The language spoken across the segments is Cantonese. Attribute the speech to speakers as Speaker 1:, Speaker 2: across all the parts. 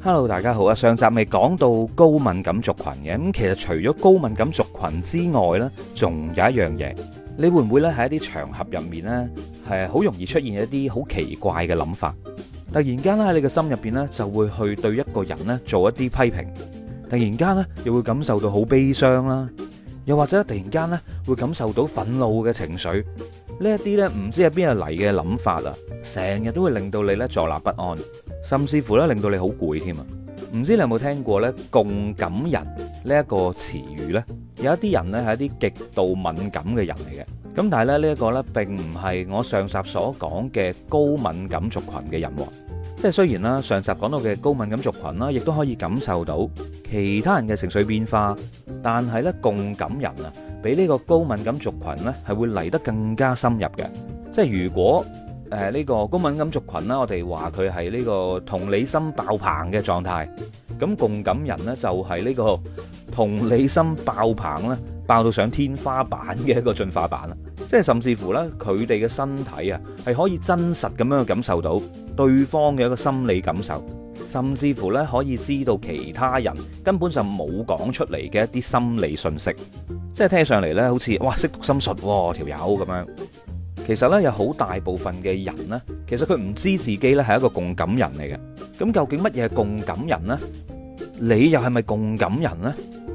Speaker 1: hello，大家好啊！上集咪講到高敏感族群嘅，咁其實除咗高敏感族群之外呢，仲有一樣嘢，你會唔會咧喺一啲場合入面呢，係好容易出現一啲好奇怪嘅諗法？突然間咧喺你嘅心入邊呢，就會去對一個人呢做一啲批評，突然間呢又會感受到好悲傷啦，又或者突然間呢會感受到憤怒嘅情緒，呢一啲呢唔知係邊度嚟嘅諗法啊，成日都會令到你呢坐立不安。甚至乎咧，令到你好攰添啊！唔知你有冇聽過咧“共感人”呢一個詞語呢，有一啲人呢係一啲極度敏感嘅人嚟嘅。咁但係咧呢一個咧，並唔係我上集所講嘅高敏感族群嘅人。即係雖然啦，上集講到嘅高敏感族群啦，亦都可以感受到其他人嘅情緒變化，但係呢，「共感人」啊，比呢個高敏感族群呢，係會嚟得更加深入嘅。即係如果。誒，呢個高敏感族群啦，我哋話佢係呢個同理心爆棚嘅狀態。咁共感人呢，就係呢個同理心爆棚呢，爆到上天花板嘅一個進化版啦。即係甚至乎呢，佢哋嘅身體啊，係可以真實咁樣感受到對方嘅一個心理感受，甚至乎呢，可以知道其他人根本就冇講出嚟嘅一啲心理訊息。即係聽上嚟呢，好似哇識讀心術條友咁樣。其實咧，有好大部分嘅人咧，其實佢唔知自己咧係一個共感人嚟嘅。咁究竟乜嘢係共感人咧？你又係咪共感人咧？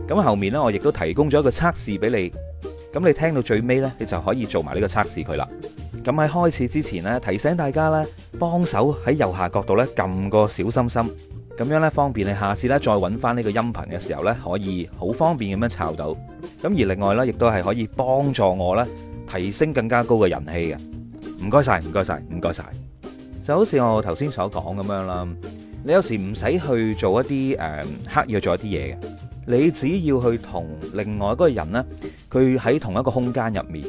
Speaker 1: 咁後面咧，我亦都提供咗一個測試俾你。咁你聽到最尾咧，你就可以做埋呢個測試佢啦。咁喺開始之前咧，提醒大家咧，幫手喺右下角度咧撳個小心心，咁樣咧方便你下次咧再揾翻呢個音頻嘅時候咧，可以好方便咁樣抄到。咁而另外咧，亦都係可以幫助我咧。提升更加高嘅人氣嘅，唔該晒，唔該晒，唔該晒。就好似我頭先所講咁樣啦，你有時唔使去做一啲誒、呃、刻意去做一啲嘢嘅，你只要去同另外嗰個人呢，佢喺同一個空間入面，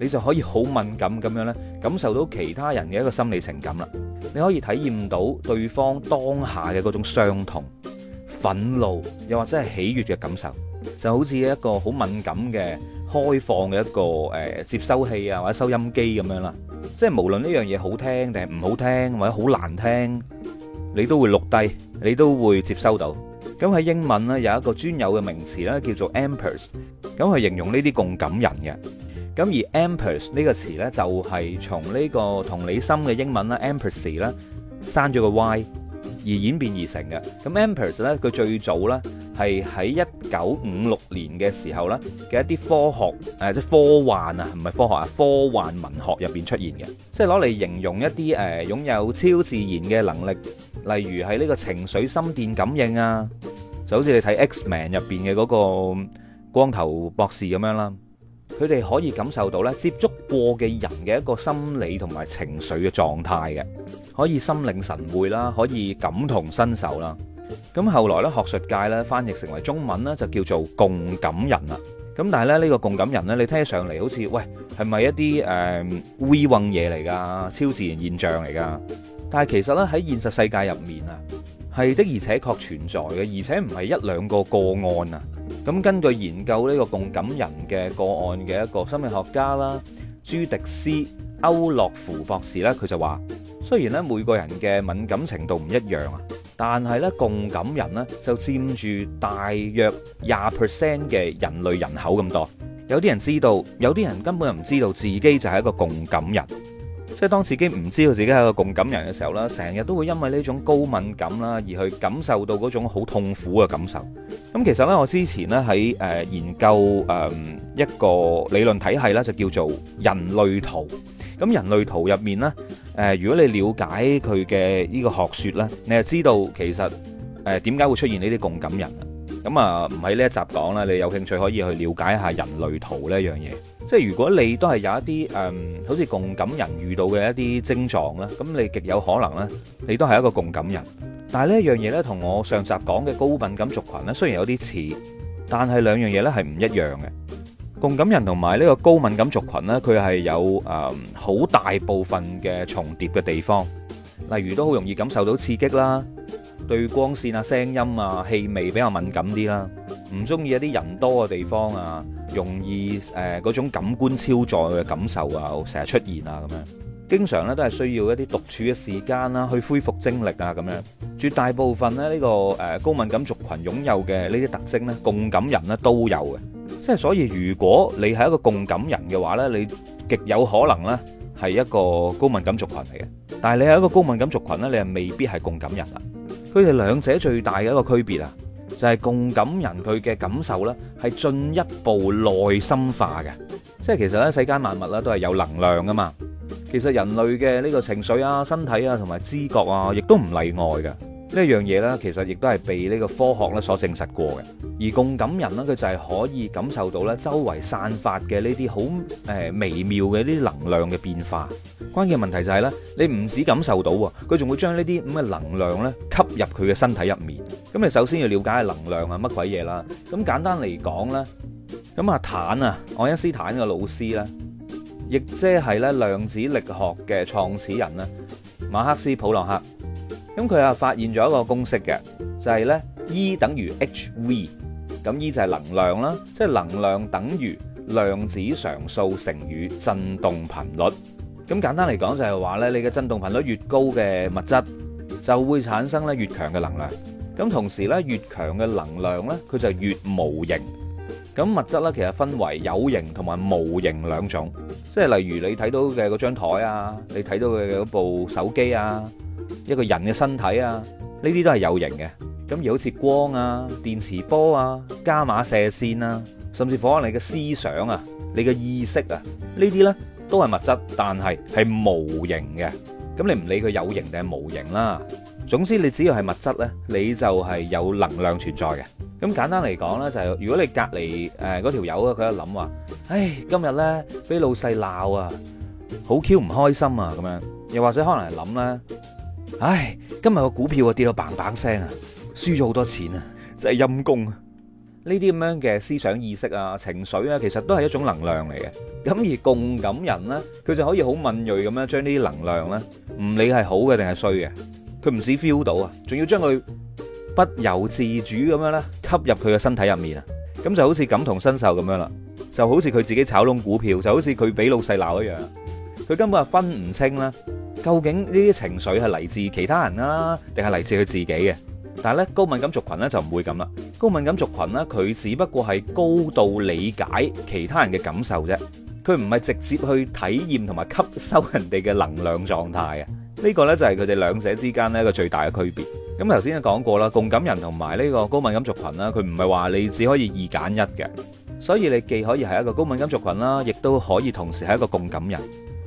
Speaker 1: 你就可以好敏感咁樣呢，感受到其他人嘅一個心理情感啦。你可以體驗到對方當下嘅嗰種傷痛、憤怒，又或者係喜悅嘅感受，就好似一個好敏感嘅。開放嘅一個誒接收器啊，或者收音機咁樣啦，即係無論呢樣嘢好聽定係唔好聽，或者好難聽，你都會錄低，你都會接收到。咁喺英文咧有一個專有嘅名詞咧叫做 empath，咁係形容呢啲共感人嘅。咁而 empath 呢個詞咧就係從呢個同理心嘅英文啦 empathy 咧刪咗個 y 而演變而成嘅。咁 empath 咧佢最早咧係喺一九五六年嘅時候咧嘅一啲科學誒，即係科幻啊，唔係科學啊，科幻文學入邊出現嘅，即係攞嚟形容一啲誒擁有超自然嘅能力，例如係呢個情緒心電感應啊，就好似你睇 X-Men 入邊嘅嗰個光頭博士咁樣啦，佢哋可以感受到咧接觸過嘅人嘅一個心理同埋情緒嘅狀態嘅，可以心領神會啦，可以感同身受啦。咁後來咧，學術界咧翻譯成為中文咧，就叫做共感人啦。咁但係咧呢個共感人呢，你聽起上嚟，好似喂，係咪一啲誒 w e o n 嘢嚟噶超自然現象嚟噶？但係其實咧喺現實世界入面啊，係的而且確存在嘅，而且唔係一兩個個案啊。咁根據研究呢個共感人嘅個案嘅一個心理學家啦，朱迪斯歐洛夫博士呢，佢就話。雖然咧每個人嘅敏感程度唔一樣啊，但係咧共感人咧就佔住大約廿 percent 嘅人類人口咁多。有啲人知道，有啲人根本就唔知道自己就係一個共感人。即係當自己唔知道自己係一個共感人嘅時候咧，成日都會因為呢種高敏感啦，而去感受到嗰種好痛苦嘅感受。咁其實咧，我之前咧喺誒研究誒一個理論體系咧，就叫做人類圖。咁人類圖入面呢，如果你了解佢嘅呢個學說呢，你就知道其實誒點解會出現呢啲共感人。咁啊，唔喺呢一集講啦，你有興趣可以去了解一下人類圖呢樣嘢。即係如果你都係有一啲、嗯、好似共感人遇到嘅一啲症狀咧，咁你極有可能呢，你都係一個共感人。但係呢樣嘢呢，同我上集講嘅高敏感族群呢，雖然有啲似，但係兩樣嘢呢係唔一樣嘅。共感人同埋呢個高敏感族群呢，佢係有誒好大部分嘅重疊嘅地方，例如都好容易感受到刺激啦，對光線啊、聲音啊、氣味比較敏感啲啦，唔中意一啲人多嘅地方啊，容易誒嗰種感官超載嘅感受啊，成日出現啊咁樣，經常呢都係需要一啲獨處嘅時間啦，去恢復精力啊咁樣。絕大部分呢呢個誒高敏感族群擁有嘅呢啲特徵呢，共感人呢都有嘅。即係所以，如果你係一個共感人嘅話咧，你極有可能咧係一個高敏感族群嚟嘅。但係你係一個高敏感族群咧，你係未必係共感人啦。佢哋兩者最大嘅一個區別啊，就係共感人佢嘅感受咧係進一步內心化嘅。即係其實咧，世間萬物咧都係有能量噶嘛。其實人類嘅呢個情緒啊、身體啊同埋知覺啊，亦都唔例外嘅。呢樣嘢咧，其實亦都係被呢個科學咧所證實過嘅。而共感人咧，佢就係可以感受到咧，周圍散發嘅呢啲好誒微妙嘅呢啲能量嘅變化。關鍵問題就係咧，你唔止感受到喎，佢仲會將呢啲咁嘅能量咧吸入佢嘅身體入面。咁你首先要了解下能量係乜鬼嘢啦。咁簡單嚟講咧，咁阿坦啊，愛因斯坦嘅老師咧，亦即係咧量子力學嘅創始人咧，馬克斯普朗克。咁佢啊發現咗一個公式嘅，就係咧 E 等於 hV。咁依就係能量啦，即係能量等於量子常數乘以振動頻率。咁簡單嚟講就係話呢，你嘅振動頻率越高嘅物質就會產生呢越強嘅能量。咁同時呢，越強嘅能量呢，佢就越無形。咁物質呢，其實分為有形同埋無形兩種，即係例如你睇到嘅嗰張台啊，你睇到嘅嗰部手機啊，一個人嘅身體啊，呢啲都係有形嘅。咁而好似光啊、電磁波啊、伽瑪射線啊，甚至乎可能你嘅思想啊、你嘅意識啊，呢啲呢都係物質，但係係無形嘅。咁你唔理佢有形定係無形啦。總之你只要係物質呢，你就係有能量存在嘅。咁簡單嚟講呢，就係、是、如果你隔離嗰條友啊，佢一諗話，唉，今日呢，俾老細鬧啊，好 Q 唔開心啊，咁樣。又或者可能係諗啦：「唉，今日個股票啊跌到棒棒 n 聲啊！輸咗好多錢啊！真係陰功啊！呢啲咁樣嘅思想意識啊、情緒啊，其實都係一種能量嚟嘅。咁而共感人咧，佢就可以好敏銳咁樣將呢啲能量咧，唔理係好嘅定係衰嘅，佢唔止 feel 到啊，仲要將佢不由自主咁樣咧吸入佢嘅身體入面啊。咁就好似感同身受咁樣啦，就好似佢自己炒燶股票，就好似佢俾老細鬧一樣。佢根本係分唔清啦，究竟呢啲情緒係嚟自其他人啦，定係嚟自佢自己嘅。但係咧，高敏感族群咧就唔會咁啦。高敏感族群咧，佢只不過係高度理解其他人嘅感受啫，佢唔係直接去體驗同埋吸收人哋嘅能量狀態啊。呢個咧就係佢哋兩者之間咧一個最大嘅區別。咁頭先都講過啦，共感人同埋呢個高敏感族群啦，佢唔係話你只可以二揀一嘅，所以你既可以係一個高敏感族群啦，亦都可以同時係一個共感人。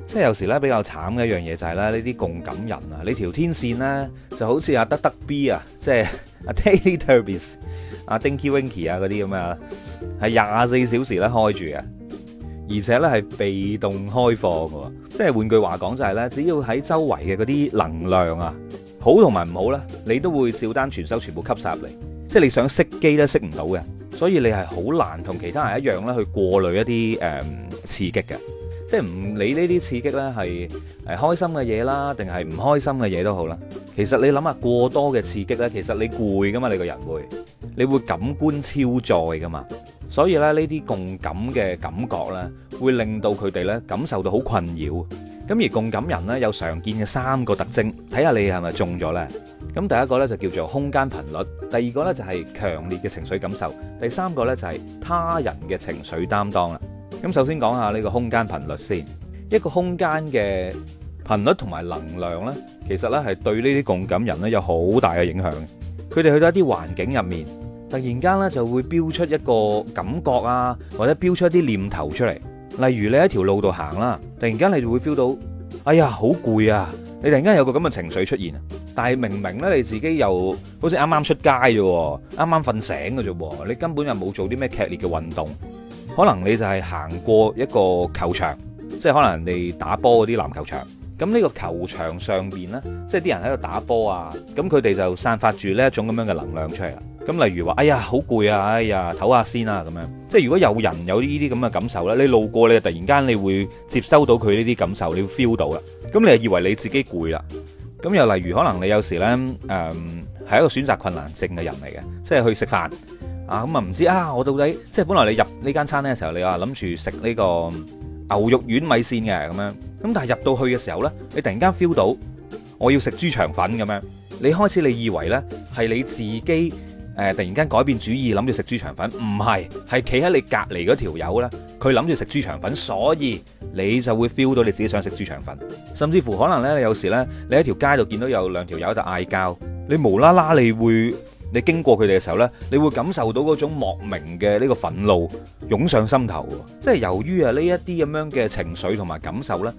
Speaker 1: 即係有時咧比較慘嘅一樣嘢就係咧呢啲共感人啊，你條天線咧就好似阿得得 B 啊，即係阿 Terry Terbiss、阿 Dinky Winky 啊嗰啲咁樣，係廿四小時咧開住嘅，而且咧係被動開放嘅，即係換句話講就係咧，只要喺周圍嘅嗰啲能量啊，好同埋唔好咧，你都會照單全收，全部吸晒入嚟，即係你想熄機都熄唔到嘅，所以你係好難同其他人一樣咧去過濾一啲誒刺激嘅。即係唔理呢啲刺激咧，係誒開心嘅嘢啦，定係唔開心嘅嘢都好啦。其實你諗下，過多嘅刺激咧，其實你攰㗎嘛，你個人會，你會感官超載㗎嘛。所以咧，呢啲共感嘅感覺咧，會令到佢哋咧感受到好困擾。咁而共感人咧有常見嘅三個特徵，睇下你係咪中咗咧。咁第一個咧就叫做空間頻率，第二個咧就係強烈嘅情緒感受，第三個咧就係他人嘅情緒擔當啦。咁首先講下呢個空間頻率先，一個空間嘅頻率同埋能量呢，其實呢係對呢啲共感人呢有好大嘅影響。佢哋去到一啲環境入面，突然間呢就會飆出一個感覺啊，或者飆出一啲念頭出嚟。例如你喺條路度行啦，突然間你就會 feel 到，哎呀好攰啊！你突然間有個咁嘅情緒出現，但係明明呢你自己又好似啱啱出街啫，啱啱瞓醒嘅啫，你根本就冇做啲咩劇烈嘅運動。可能你就係行過一個球場，即係可能人哋打波嗰啲籃球場。咁呢個球場上邊呢，即係啲人喺度打波啊。咁佢哋就散發住呢一種咁樣嘅能量出嚟啦。咁例如話：哎呀，好攰啊！哎呀，唞下先啊咁樣。即係如果有人有呢啲咁嘅感受呢，你路過你突然間你會接收到佢呢啲感受，你會 feel 到啦。咁你就以為你自己攰啦。咁又例如可能你有時呢，誒、嗯、係一個選擇困難症嘅人嚟嘅，即係去食飯。啊咁啊唔知啊我到底即係本來你入呢間餐廳嘅時候，你話諗住食呢個牛肉丸米線嘅咁樣，咁但係入到去嘅時候呢，你突然間 feel 到我要食豬腸粉咁樣，你開始你以為呢係你自己誒突然間改變主意諗住食豬腸粉，唔係，係企喺你隔籬嗰條友呢，佢諗住食豬腸粉，所以你就會 feel 到你自己想食豬腸粉，甚至乎可能呢有時呢，你喺條街度見到有兩條友喺度嗌交，你無啦啦你會。你經過佢哋嘅時候咧，你會感受到嗰種莫名嘅呢個憤怒湧上心頭，即係由於啊呢一啲咁樣嘅情緒同埋感受咧，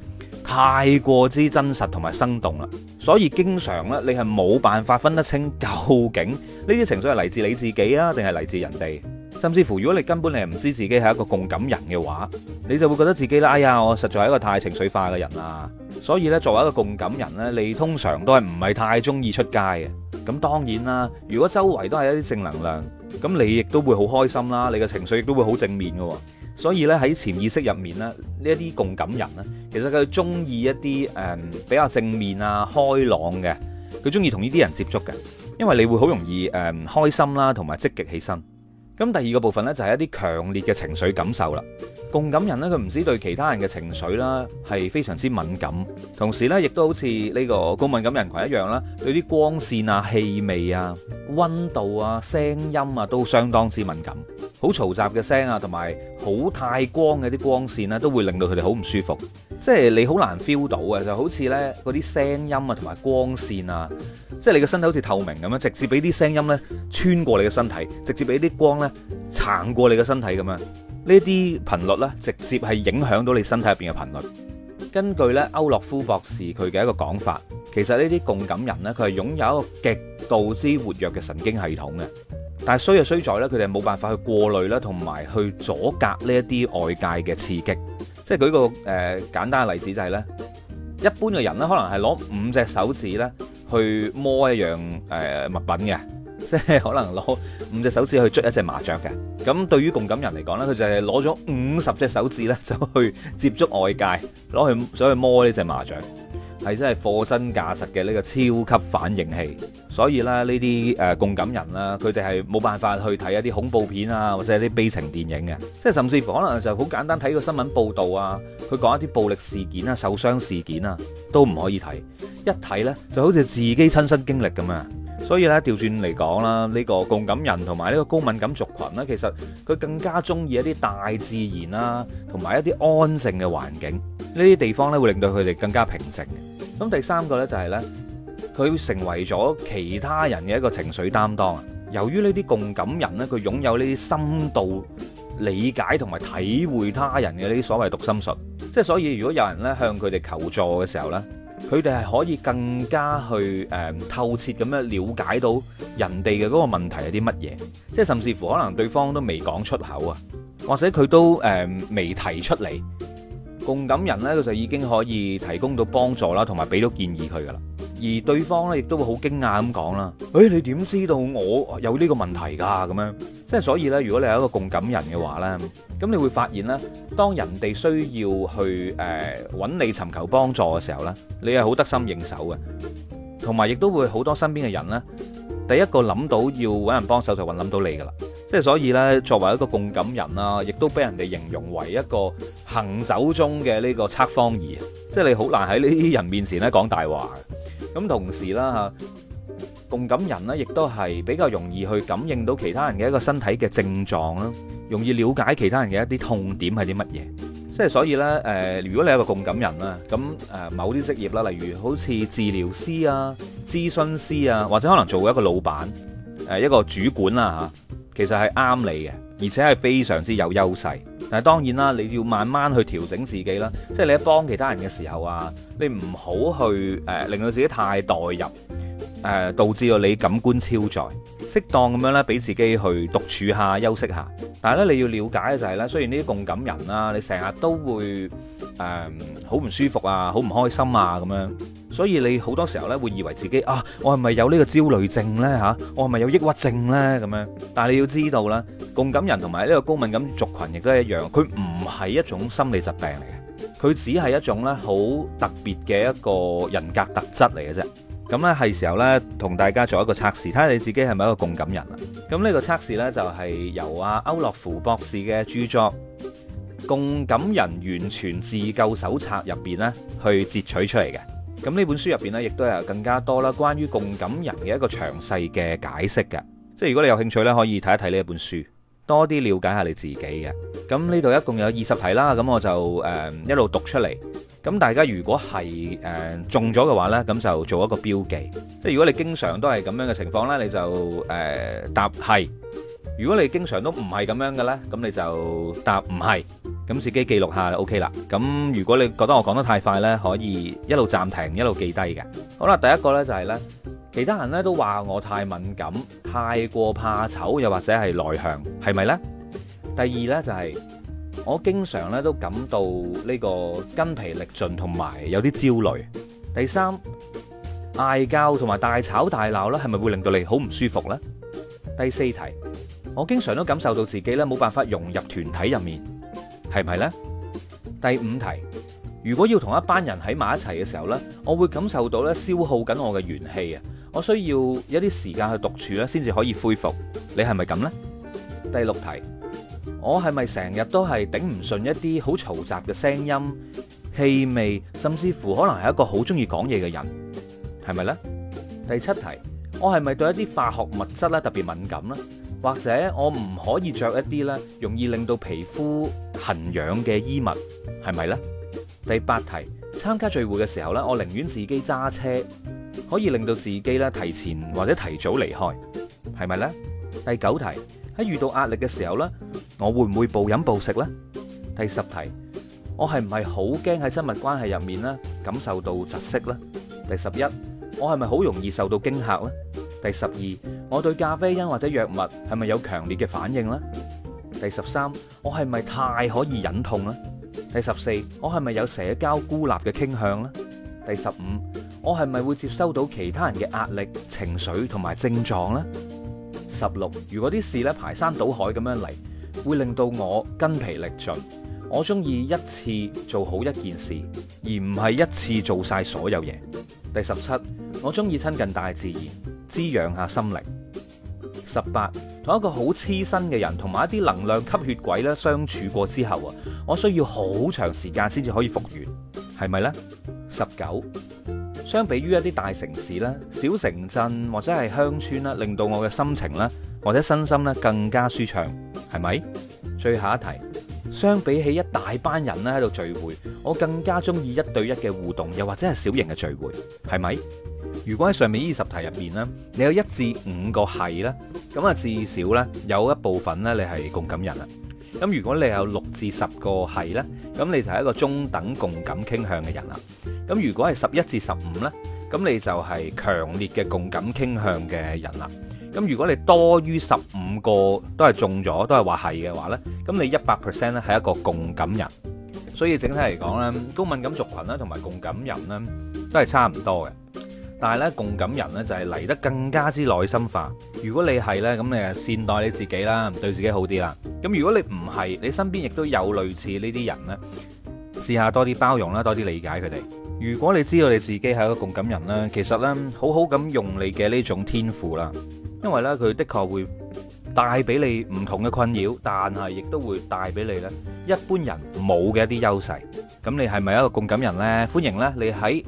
Speaker 1: 太過之真實同埋生動啦，所以經常咧你係冇辦法分得清究竟呢啲情緒係嚟自你自己啊，定係嚟自人哋，甚至乎如果你根本你係唔知自己係一個共感人嘅話，你就會覺得自己咧，哎呀，我實在係一個太情緒化嘅人啊！所以咧，作為一個共感人咧，你通常都係唔係太鍾意出街嘅。咁當然啦，如果周圍都係一啲正能量，咁你亦都會好開心啦，你嘅情緒亦都會好正面嘅。所以咧，喺潛意識入面咧，呢一啲共感人咧，其實佢中意一啲誒比較正面啊、開朗嘅，佢中意同呢啲人接觸嘅，因為你會好容易誒開心啦，同埋積極起身。咁第二個部分咧就係一啲強烈嘅情緒感受啦。共感人咧，佢唔止對其他人嘅情緒啦，係非常之敏感。同時咧，亦都好似呢、這個高敏感人群一樣啦，對啲光線啊、氣味啊、溫度啊、聲音啊，都相當之敏感。好嘈雜嘅聲啊，同埋好太光嘅啲光線啊，都會令到佢哋好唔舒服。即係你好難 feel 到啊，就好似呢嗰啲聲音啊，同埋光線啊，即係你嘅身體好似透明咁樣，直接俾啲聲音呢穿過你嘅身體，直接俾啲光呢撐過你嘅身體咁樣。呢啲頻率呢，直接係影響到你身體入邊嘅頻率。根據呢歐洛夫博士佢嘅一個講法，其實呢啲共感人呢，佢係擁有一個極度之活躍嘅神經系統嘅，但係衰就衰在呢，佢哋冇辦法去過濾啦，同埋去阻隔呢一啲外界嘅刺激。即係舉個誒、呃、簡單嘅例子就係、是、呢一般嘅人呢，可能係攞五隻手指呢，去摸一樣誒、呃、物品嘅。即係可能攞五隻手指去捉一隻麻雀嘅，咁對於共感人嚟講呢，佢就係攞咗五十隻手指呢，就去接觸外界，攞去想去摸呢隻麻雀，係真係貨真價實嘅呢個超級反應器。所以咧，呢啲誒共感人啦，佢哋係冇辦法去睇一啲恐怖片啊，或者係啲悲情電影嘅，即係甚至乎可能就係好簡單睇個新聞報導啊，佢講一啲暴力事件啊、受傷事件啊，都唔可以睇，一睇呢就好似自己親身經歷咁啊！所以呢，調轉嚟講啦，呢個共感人同埋呢個高敏感族群呢，其實佢更加中意一啲大自然啦，同埋一啲安靜嘅環境。呢啲地方呢，會令到佢哋更加平靜。咁第三個呢、就是，就係呢，佢成為咗其他人嘅一個情緒擔當啊。由於呢啲共感人呢，佢擁有呢啲深度理解同埋體會他人嘅呢啲所謂讀心術，即係所以如果有人呢向佢哋求助嘅時候呢。佢哋係可以更加去誒、嗯、透徹咁樣了解到人哋嘅嗰個問題係啲乜嘢，即係甚至乎可能對方都未講出口啊，或者佢都誒未、嗯、提出嚟，共感人呢，佢就已經可以提供到幫助啦，同埋俾到建議佢噶啦，而對方呢，亦都會好驚訝咁講啦，誒、哎、你點知道我有呢個問題㗎咁樣？即係所以咧，如果你係一個共感人嘅話咧，咁你會發現咧，當人哋需要去誒揾、呃、你尋求幫助嘅時候咧，你係好得心應手嘅，同埋亦都會好多身邊嘅人咧，第一個諗到要揾人幫手就揾諗到你噶啦。即係所以咧，作為一個共感人啦，亦都俾人哋形容為一個行走中嘅呢個測謊儀，即、就、係、是、你好難喺呢啲人面前咧講大話。咁同時啦嚇。共感人咧，亦都係比較容易去感應到其他人嘅一個身體嘅症狀啦，容易了解其他人嘅一啲痛點係啲乜嘢。即係所以呢、呃，如果你係一個共感人啦，咁、呃、某啲職業啦，例如好似治療師啊、諮詢師啊，或者可能做一個老闆、呃、一個主管啦、嚇、其實係啱你嘅，而且係非常之有優勢。但係當然啦，你要慢慢去調整自己啦，即係你喺幫其他人嘅時候啊，你唔好去、呃、令到自己太代入。誒，導致到你感官超載，適當咁樣咧，俾自己去獨處下、休息下。但係咧，你要了解嘅就係咧，雖然呢啲共感人啦，你成日都會誒好唔舒服啊、好唔開心啊咁樣，所以你好多時候咧會以為自己啊，我係咪有呢個焦慮症咧嚇？我係咪有抑鬱症咧咁樣？但係你要知道啦，共感人同埋呢個高敏感族群亦都一樣，佢唔係一種心理疾病嚟嘅，佢只係一種咧好特別嘅一個人格特質嚟嘅啫。咁咧係時候咧，同大家做一個測試，睇下你自己係咪一個共感人啦。咁呢個測試呢，就係、是、由阿歐洛夫博士嘅著作《共感人完全自救手冊》入邊呢去截取出嚟嘅。咁呢本書入邊呢，亦都有更加多啦關於共感人嘅一個詳細嘅解釋嘅。即係如果你有興趣呢，可以睇一睇呢一本書，多啲了解下你自己嘅。咁呢度一共有二十題啦，咁我就誒、嗯、一路讀出嚟。咁大家如果係誒、呃、中咗嘅話呢，咁就做一個標記。即係如果你經常都係咁樣嘅情況呢，你就誒、呃、答係；如果你經常都唔係咁樣嘅呢，咁你就答唔係。咁自己記錄下就 OK 啦。咁如果你覺得我講得太快呢，可以一路暫停，一路記低嘅。好啦，第一個呢就係、是、呢，其他人呢都話我太敏感、太過怕醜，又或者係內向，係咪呢？第二呢就係、是。我經常咧都感到呢個筋疲力盡，同埋有啲焦慮。第三，嗌交同埋大吵大鬧啦，係咪會令到你好唔舒服呢？第四題，我經常都感受到自己咧冇辦法融入團體入面，係咪呢？第五題，如果要同一班人喺埋一齊嘅時候呢，我會感受到呢消耗緊我嘅元氣啊，我需要一啲時間去獨處咧，先至可以恢復。你係咪咁呢？第六題。我係咪成日都係頂唔順一啲好嘈雜嘅聲音、氣味，甚至乎可能係一個好中意講嘢嘅人，係咪呢？第七題，我係咪對一啲化學物質咧特別敏感咧？或者我唔可以着一啲咧容易令到皮膚痕癢嘅衣物，係咪呢？第八題，參加聚會嘅時候咧，我寧願自己揸車，可以令到自己咧提前或者提早離開，係咪呢？第九題。喺遇到壓力嘅時候呢，我會唔會暴飲暴食呢？第十題，我係唔係好驚喺親密關係入面呢感受到窒息呢？第十一，我係咪好容易受到驚嚇呢？第十二，我對咖啡因或者藥物係咪有強烈嘅反應呢？第十三，我係咪太可以忍痛呢？第十四，我係咪有社交孤立嘅傾向呢？第十五，我係咪會接收到其他人嘅壓力、情緒同埋症狀呢？十六，16，如果啲事咧排山倒海咁樣嚟，會令到我筋疲力盡。我中意一次做好一件事，而唔係一次做晒所有嘢。第十七，我中意親近大自然，滋養下心靈。十八，同一個好黐身嘅人同埋一啲能量吸血鬼咧相處過之後啊，我需要好長時間先至可以復原，係咪呢？十九。相比於一啲大城市啦、小城鎮或者係鄉村啦，令到我嘅心情啦或者身心咧更加舒暢，係咪？最後一題，相比起一大班人咧喺度聚會，我更加中意一對一嘅互動，又或者係小型嘅聚會，係咪？如果喺上面呢十題入邊咧，你有一至五個係啦，咁啊至少咧有一部分咧你係共感人。咁如果你有六至十個係呢，咁你就係一個中等共感傾向嘅人啦。咁如果係十一至十五呢，咁你就係強烈嘅共感傾向嘅人啦。咁如果你多於十五個都係中咗，都係話係嘅話呢，咁你一百 percent 咧係一個共感人。所以整體嚟講呢，高敏感族群咧同埋共感人呢都係差唔多嘅。但係咧，共感人咧就係嚟得更加之內心化。如果你係咧，咁你啊善待你自己啦，對自己好啲啦。咁如果你唔係，你身邊亦都有類似呢啲人咧，試下多啲包容啦，多啲理解佢哋。如果你知道你自己係一個共感人咧，其實咧好好咁用你嘅呢種天賦啦，因為咧佢的確會帶俾你唔同嘅困擾，但係亦都會帶俾你咧一般人冇嘅一啲優勢。咁你係咪一個共感人咧？歡迎咧，你喺。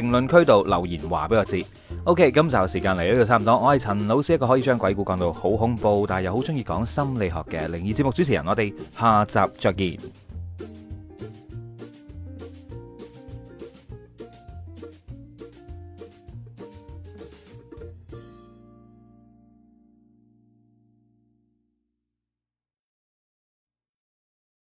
Speaker 1: 評論區度留言話俾我知。OK，今集嘅時間嚟到呢度差唔多。我係陳老師，一個可以將鬼故講到好恐怖，但係又好中意講心理學嘅靈異節目主持人。我哋下集再見。